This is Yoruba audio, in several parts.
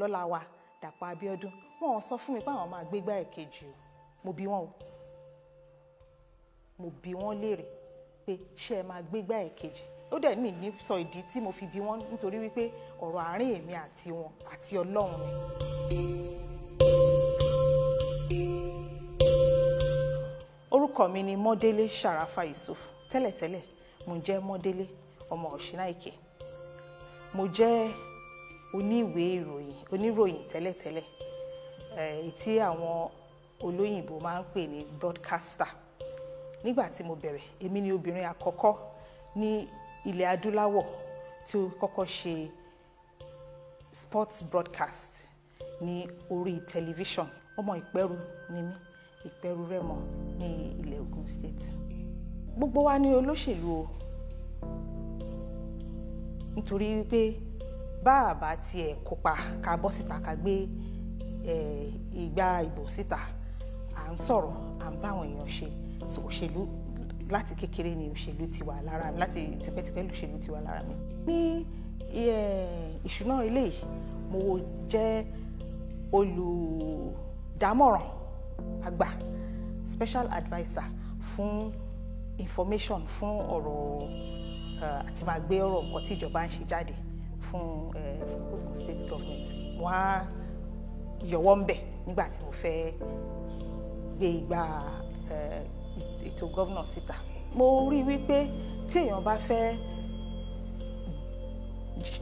ọlọ́lá wa Dàpọ̀ Abíọ́dún wọn ò sọ fún mi pé àwọn máa gbégbá ẹ̀kejì o mo bi wọn o mo bi wọn léèrè pé ṣé ẹ máa gbégbá ẹ̀kejì ó dẹ̀ ní ní sọ ìdí tí mo fi bi wọn nítorí wípé ọ̀rọ̀ àárín èmi àti wọn àti Ọlọ́run ni. orúkọ mi ni Mọ́délé Sharafa Yusuf tẹ́lẹ̀tẹ́lẹ̀ mo jẹ́ Mọ́délé ọmọ Ọ̀ṣináìkè mo jẹ́ oníwèé ìròyìn oníròyìn tẹ́lẹ̀tẹ́lẹ̀ eh, èyí tí àwọn olóyìnbó máa ń pè ní broadcaster nígbà tí mo bẹ̀rẹ̀ èmi ni obìnrin àkọ́kọ́ ní ilẹ̀ adúláwọ̀ tí ó kọ́kọ́ ṣe sports broadcast ní orí tẹlifíṣàn ọmọ ìpẹ́rù ni mí ìpẹ́rù rẹ́mọ ní ilẹ̀ Ògùn state gbogbo wa ni olóṣèlú o nítorí wípé bá a bá tiẹ̀ kópa ká bọ́ síta ká gbé ìgbà ìbò síta à ń sọ̀rọ̀ à ń bá àwọn èèyàn ṣe òṣèlú láti kékeré ni òṣèlú ti wà lára mi láti tipẹ́tipẹ́ lòṣèlú ti wà lára mi. ní ìṣúná ilé yìí mo jẹ́ olùdámọ̀ràn àgbà special adviser fún information fún ọ̀rọ̀ àti máa gbé ọ̀rọ̀ nǹkan tí ìjọba ń ṣe jáde fún Ogun state government wọ́n á yọwọ́ ń bẹ̀ nígbà tí mo fẹ́ gbé igba ètò gómìnà síta mo rí wípé tí èèyàn bá fẹ́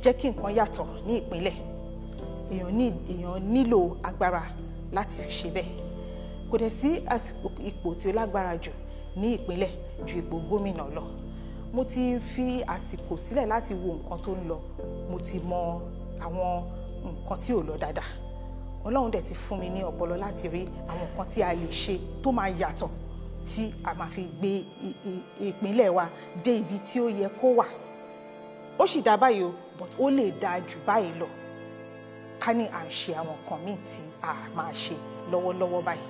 jẹ́ kí nǹkan yàtọ̀ ní ìpínlẹ̀ èèyàn nílò agbára láti fi ṣe bẹ́ẹ̀ kò dẹ̀ sí ipò tí ó lágbára jù ní ìpínlẹ̀ ju ipò gómìnà lọ mo ti fi àsìkò sílẹ̀ láti wo nǹkan tó ń lọ mo ti mọ àwọn nǹkan tí ò lọ dáadáa ọlọ́run dẹ̀ ti fún mi ní ọpọlọ láti rí àwọn nǹkan tí a lè ṣe tó máa yàtọ̀ tí a máa fi gbé ìpínlẹ̀ wa dé ibi tí ó yẹ kó wà ó sì dá báyìí o but ó lè dáa jù báyìí lọ ká ní à ń ṣe àwọn nǹkan míì tí a máa ṣe lọ́wọ́lọ́wọ́ báyìí.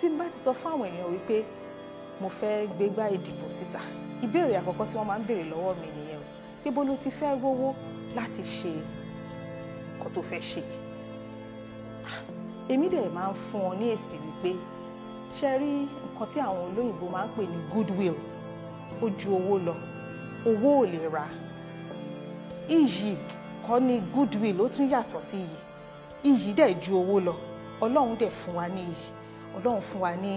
tí n bá ti sọ fún àwọn èèyàn wípé mo fẹ́ gbégbá ìdìbò síta ìbéèrè àkọ́kọ́ tí wọ́n máa ń béèrè lọ́wọ́ mi nìyẹn o pé bó ló ti fẹ́ rówó láti ṣe kó tó fẹ́ ṣe èmi dẹ̀ máa ń fún ọ ní èsì wípé ṣe rí nǹkan tí àwọn olóyìnbó máa ń pè ní goodwill ó ju owó lọ owó ò lè ra iyì kọ́ ni goodwill ó tún yàtọ̀ sí iyì iyì dẹ̀ ju owó lọ ọlọ́run dẹ̀ fún wa ní iyì ọlọ́run fún wa ní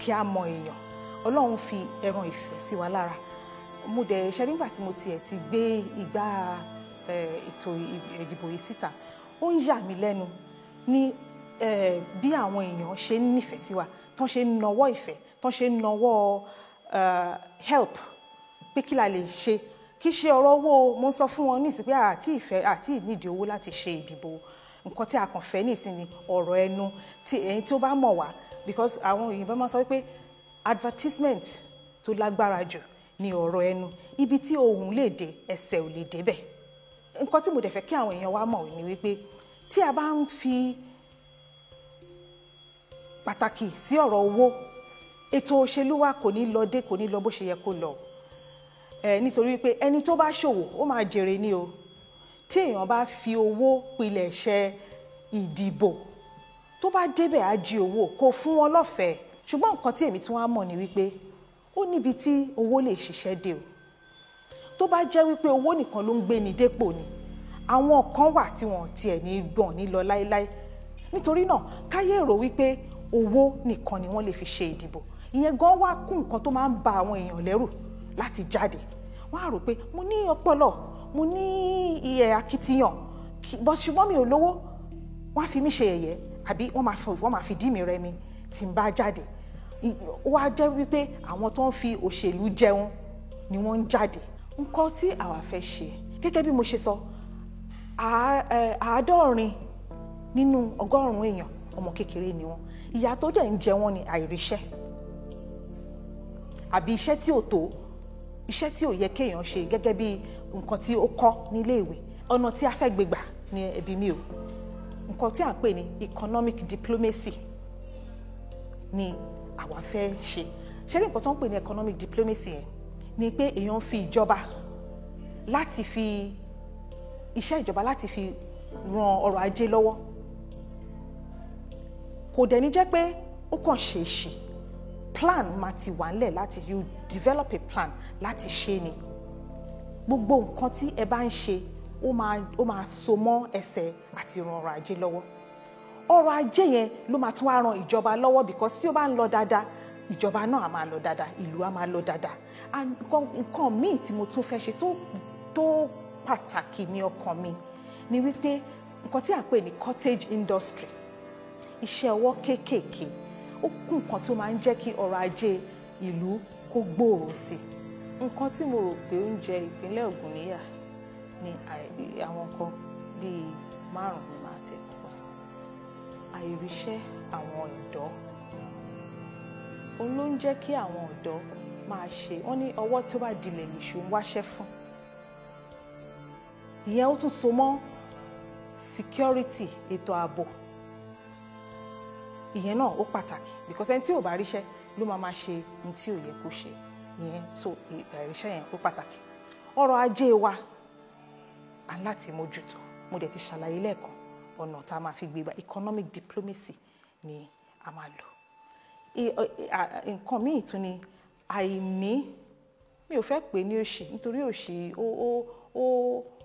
kí a mọ èèyàn ọlọ́run fi ẹran ìfẹ́ sí wa lára mo dẹ̀ ṣe nígbà tí mo tiẹ̀ ti gbé igbá ètò ìdìbò yìí síta ó ń yà mí lẹ́nu ní bí àwọn èèyàn ṣe ń nífẹ̀ẹ́ sí wa tán ṣe ń nawọ́ ìfẹ́ tán ṣe ń nawọ́ help pé kí la lè ṣe kí ṣe ọ̀rọ̀ owó mo ń sọ fún wọn ní ìsìn àti ìfẹ́ àti ìnídìí owó láti ṣe ìdìbò nǹkan tí a kàn fẹ́ nìsín ni ọ̀rọ̀ ẹnu tí ẹ̀yin tí ó bá mọ̀ wá because àwọn òyìnbó máa sọ wípé advertisement tó lágbára jù ni ọ̀rọ̀ ẹnu ibi tí ohùn lè dé ẹsẹ̀ ò lè débẹ̀ nǹkan tí mo dẹ̀ fẹ́ kí àwọn èèyàn wa mọ̀ ni wípé tí a bá ń fi pàtàkì sí ọ̀rọ̀ owó ètò òṣèlú wa kò ní lọ dé kò ní lọ bó ṣe yẹ kó lọ nítorí pé ẹni tó bá ṣòwò ó máa jèrè ni o tí èèyàn bá fi owó pilẹ̀ṣẹ̀ ìdìbò tó bá débẹ̀ á jí owó kó fún wọn lọ́fẹ̀ẹ́ ṣùgbọ́n nǹkan tí èmi tí wọ́n á mọ̀ ni wípé ó níbi tí owó lè ṣiṣẹ́ dé o tó bá jẹ́ wípé owó nìkan ló ń gbé ni dépò ni àwọn kan wà tí wọn tiẹ̀ ní gbọ̀n ní lọ láéláé nítorí náà káyé èrò wípé owó nìkan ni wọ́n lè fi ṣe ìdìbò ìyẹn gan wá kún nǹkan tó máa ń ba àwọn èèyàn lẹ́rù láti jáde wọ́n á rò pé mo ní ọpọlọ mo ní iye akitiyan bọ́ ṣùgbọ́n mi ò lówó wọ́n á fi mí ṣe yẹ̀yẹ́ àbí wọ́n máa fi dí mi rẹmi tí n bá jáde ó wá jẹ́ wípé àwọn tó ń fi òṣèlú jẹun ni wọ́n ń jáde nǹkan tí àwa fẹ́ ṣe gẹ́gẹ́ bí mo ṣe sọ àádọ́rin nínú ọgọ́rùn-ún èèyàn ọmọ kékeré ni wọ́n ìyà tó dẹ̀ ń jẹ wọ́n ni àìríṣẹ́ àbí iṣẹ́ tí ò tó iṣẹ́ tí ò yẹ kéèyàn ṣe gẹ́gẹ́ bí nǹkan tí ó kọ́ nílé ọ̀nà tí a fẹ́ gbé gbà ni ẹ̀bí mi o nǹkan tí à ń pè ní economic diplomacy ni àwa fẹ́ ṣe ṣé ní nǹkan tó ń pè ní economic diplomacy yẹn ni pé èèyàn ń fi ìjọba láti fi iṣẹ́ ìjọba láti fi ran ọrọ̀ ajé lọ́wọ́ kò dẹ̀ ní jẹ́ pé ó kàn ṣèèṣì plan máa ti wà nílẹ̀ láti you develop a plan láti ṣe ni gbogbo nǹkan tí ẹ bá ń ṣe ó máa ó máa so mọ́ ẹsẹ̀ àti ran ọrọ̀ ajé lọ́wọ́ ọrọ̀ ajé yẹn ló máa tún wá ran ìjọba lọ́wọ́ because tí ó bá ń lọ dáadáa ìjọba náà á máa lọ dáadáa ìlú á máa lọ dáadáa nǹkan míì tí mo tún fẹ́ ṣe tó tó pàtàkì ní ọkàn mi ni wípé nǹkan tí à ń pè ní cottage industry iṣẹ́ ọwọ́ kéékèèké ó kù nǹkan tó máa ń jẹ́ kí ọrọ̀ ajé ìlú kó gbòòrò sí i nǹkan tí mo rò pé oúnjẹ ìpínlẹ̀ Ògùn níyà ni àwọn kan bíi márùn-ún máa tẹ̀ pọ̀ sí àìríṣẹ́ àwọn ọ̀dọ́ òun ló ń jẹ́ kí àwọn ọ̀dọ́ máa ṣe wọ́n ní ọwọ́ tó bá dilẹ̀ nìṣó ń wáṣẹ́ fún ìyẹn ó tún so mọ́ security ètò ààbò ìyẹn náà ó pàtàkì because ẹni tí ò bá ríṣẹ́ ló máa máa ṣe ohun tí ò yẹ kó ṣe ìyẹn so ìrìṣẹ́ yẹn ó pàtàkì ọrọ̀ ajé wa à ń láti mójútó mo dẹ̀ ti ṣàlàyé lẹ́ẹ̀kan ọ̀nà tá a máa fi gbé gba economic diplomacy ni a máa lò nǹkan míì tún ni àìní mi ò fẹ́ pè ní òṣì nítorí òṣì ó ó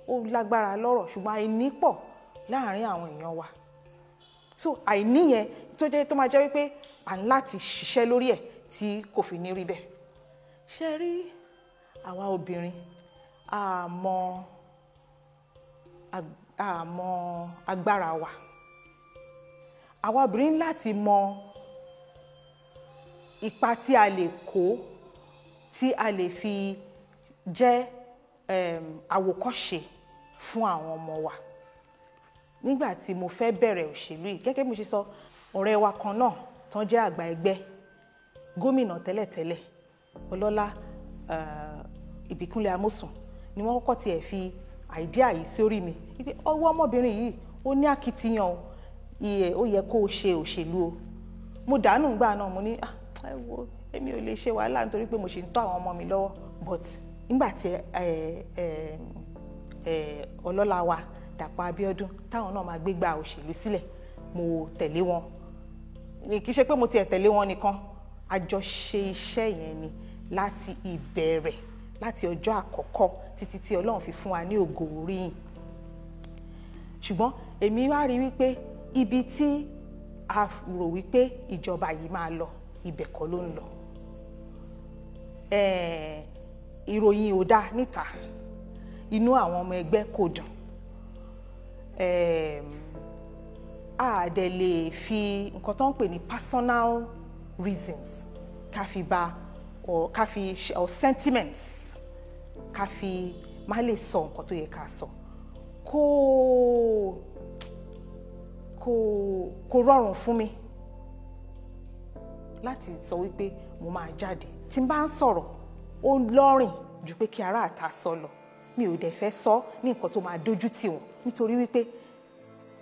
ó lágbára lọ́rọ̀ ṣùgbọ́n àìní pọ̀ láàárín àwọn èèyàn wa so àìní yẹn tó jẹ́ tó máa jẹ́ wípé à ń láti ṣiṣẹ́ lórí ẹ̀ tí kò fi ní rí bẹ́ẹ̀ ṣe rí àwa obìnrin àmọ́ àmọ́ agbára wa àwa obìnrin láti mọ ipa tí a lè kó tí a lè fi jẹ́ um, àwòkọ́ṣe fún àwọn ọmọ wa nígbà tí mo fẹ́ bẹ̀rẹ̀ òṣèlú yìí gẹ́gẹ́ bí mo ṣe sọ ọ̀rẹ́ wa kan náà tán jẹ́ àgbà ẹgbẹ́ gómìnà tẹ́lẹ̀tẹ́lẹ̀ ọlọ́lá eh, ìbíkúnlẹ̀ amósùn ni wọ́n kọ́kọ́ tiẹ̀ fi àìdíà yìí sórí mi wípé ọwọ́ ọmọbìnrin yìí ó ní akitiyan iye ó yẹ kó o ṣe òṣèlú o mo dànù gbà náà mo ní ah, ẹ èmi ò lè ṣe wàhálà nítorí pé mo ṣe ń tọ́ àwọn ọmọ mi lọ́wọ́ but nígbà tí eh, eh, ọlọ́lá wa Dàpọ̀ Abíọ́dún táwọn náà máa gbégbá òṣèlú sílẹ̀ mo tẹ̀lé wọn kì í ṣe pé mo tiẹ̀ tẹ̀lé wọn nìkan a iṣẹ́ yẹn ni láti ìbẹ̀rẹ̀ láti ọjọ́ àkọ́kọ́ títí tí Ọlọ́run fi fún wa ní ògo oríyìn ṣùgbọ́n èmi wá rí wípé ibi tí a rò wípé ìjọba yìí máa lọ ibẹ̀ kọ́ ló ń lọ ìròyìn ò dáa níta inú àwọn ọmọ ẹgbẹ́ kò dùn a dẹ̀ lè fi nǹkan tó ń pè ní personal reasons ká fi ba or ká fi or sentiments ká fi má lè sọ nǹkan tó yẹ ká sọ kó kó kó rọrùn fún mi láti sọ wípé mo máa jáde tí n bá ń sọ̀rọ̀ ó lọ́rìn ju pé kí ara àta sọ lọ mi ò dẹ̀ fẹ́ sọ ní nǹkan tó máa dojú tì wọ́n nítorí wípé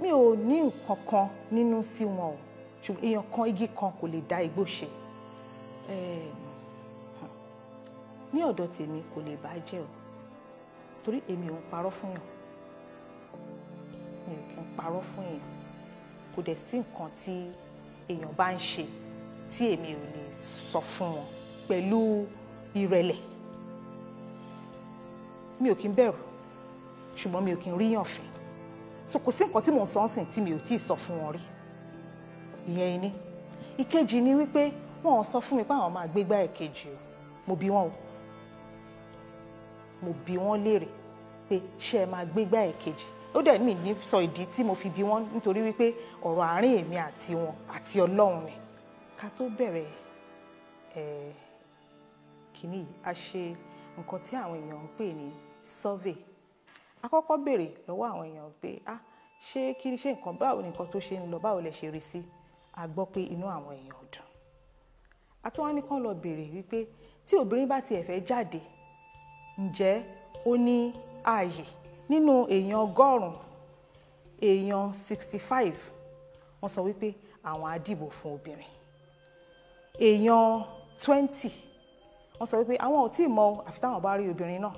mi ò ní nǹkan kan nínú sí wọn o ṣùgbọ́n èèyàn kan igi kan kò lè dá igbó ṣe ní ọ̀dọ̀ tèmi kò lè bàjẹ́ o torí èmi ò ń parọ́ fún yàn mi ò kí ń parọ́ fún èèyàn kò dẹ̀ sí nǹkan tí èèyàn bá ń ṣe tí èmi ò lè sọ fún wọn pẹ̀lú ìrẹ̀lẹ̀ mi ò kí ń bẹ̀rù ṣùgbọ́n mi ò kí ń ríyàn fẹ́ so kò sí nǹkan tí mò ń sọ ń sìn tí mi ò tí ì sọ fún wọn rí ìyẹn ni ìkejì ni wípé wọn ò sọ fún mi pé àwọn máa gbégbá ẹ̀kejì o mo bi wọn o mo bi wọn léèrè pé ṣé ẹ máa gbégbá ẹ̀kejì ó dẹ̀ mí ní sọ ìdí tí mo fi bi wọn nítorí wípé ọ̀rọ̀ àárín èmi àti wọn àti ọlọ́run ni ká tó bẹ̀rẹ̀ ẹ̀ eh, kínní yìí a ṣe nǹkan tí àwọn èèyàn ń pè ní survey a kọ́kọ́ béèrè lọ́wọ́ àwọn èèyàn pé ah ṣé kí ṣe nǹkan báwo ni nǹkan tó ṣe ń lọ báwo lẹ ṣe rí sí a gbọ́ pé inú àwọn èèyàn dùn àtúwọ́n ní kán lọ béèrè wípé tí obìnrin bá tiẹ̀ fẹ́ jáde ǹjẹ́ ó ní ààyè nínú èèyàn ọgọ́rùn-ún èèyàn sixty five wọ́n sọ wípé àwọn á dìbò fún obìnrin èèyàn twenty wọ́n sọ wípé àwọn ò tí ì mọ̀ àfi táwọn bá rí obìnrin náà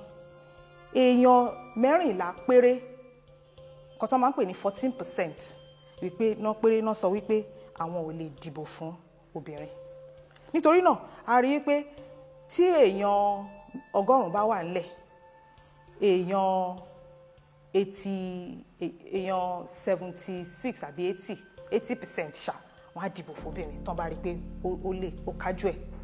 èèyàn mẹ́rìnlá péré nǹkan tó máa ń pè ní fourteen percent wípé ná péré ná sọ wípé àwọn ò lè dìbò fún obìnrin nítorí náà a rí i pé tí èèyàn ọgọ́rùn-ún bá wà ńlẹ̀ èèyàn eighty èèyàn seventy six àbí eighty eighty percent ṣá wọn á dìbò fóbìnrin tán bá rí i pé ó lè ó kájú ẹ̀